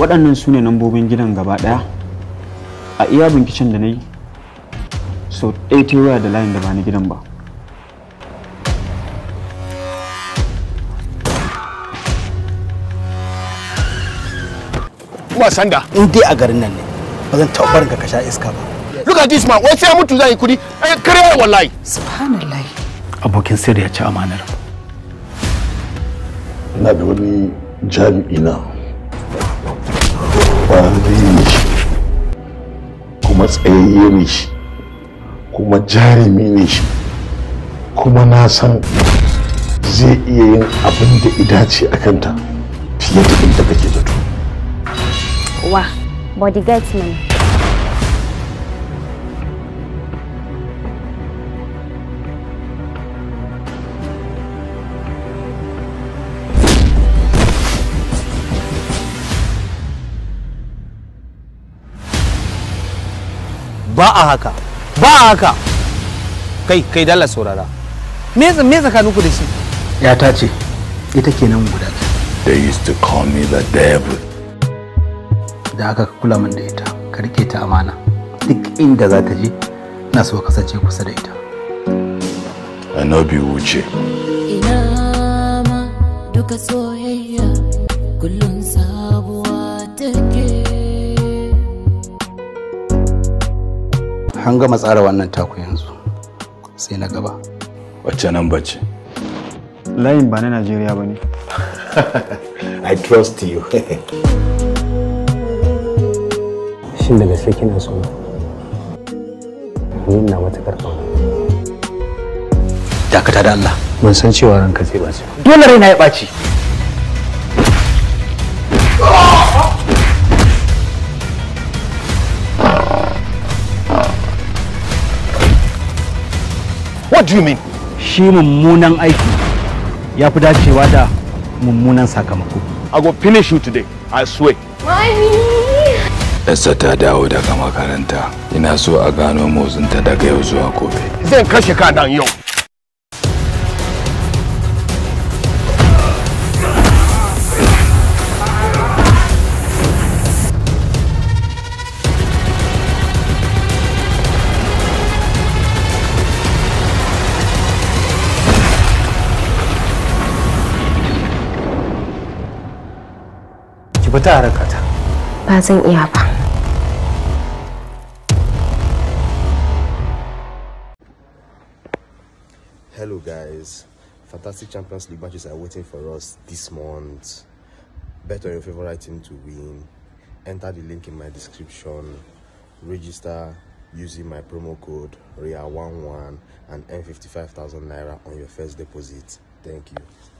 waɗannan su ne nambobin gidan gaba ɗaya a iya binkicin da na yi sau ɗaya ta waya da layin da ba na gidan ba kuma sanda in dai a garin nan ne ba zan taɓa barin ka sha iska ba look at this man wai sai mutu zai kudi eh kare wallahi subhanallah abokin sirri ya ci amanar na da wani jami'i na ƙwararre ne shi kuma tsayayye ne shi kuma jarumi ne shi kuma na san zai iya yin abin da idace a kanta fiye da inda kake zato. wa bodyguards mana ba a haka ba a haka kai kai dalla saurara me me tsakanin ku da shi ya ta ce ita kenan guda they used to call me the devil da haka ka kula min da ita ka rike ta amana duk inda za ta je na so kasance kusa da ita bi wuce. Ina ma duka soyayya. an gama tsara wannan taku yanzu sai na gaba wacce nan bace layin ba na najeriya ba ne i trust you shin da gaske kina so ni ina matakar kauna dakata da Allah Mun san cewa ranka zai bace dole raina ya ɓaci What do you mean? Shi mummunan aiki ya fi dacewa da mummunan sakamako. I will finish you today, I swear. Mommy! Yarsa ta dawo daga makaranta. Ina so a gano motsinta daga yau zuwa gobe. Zan kashe ka yau. ki fita ta ba zan iya ba hello guys fantastic champions league matches are waiting for us this month bet on your favorite team to win enter the link in my description register using my promo code RIA11 and earn 55,000 Naira on your first deposit. Thank you.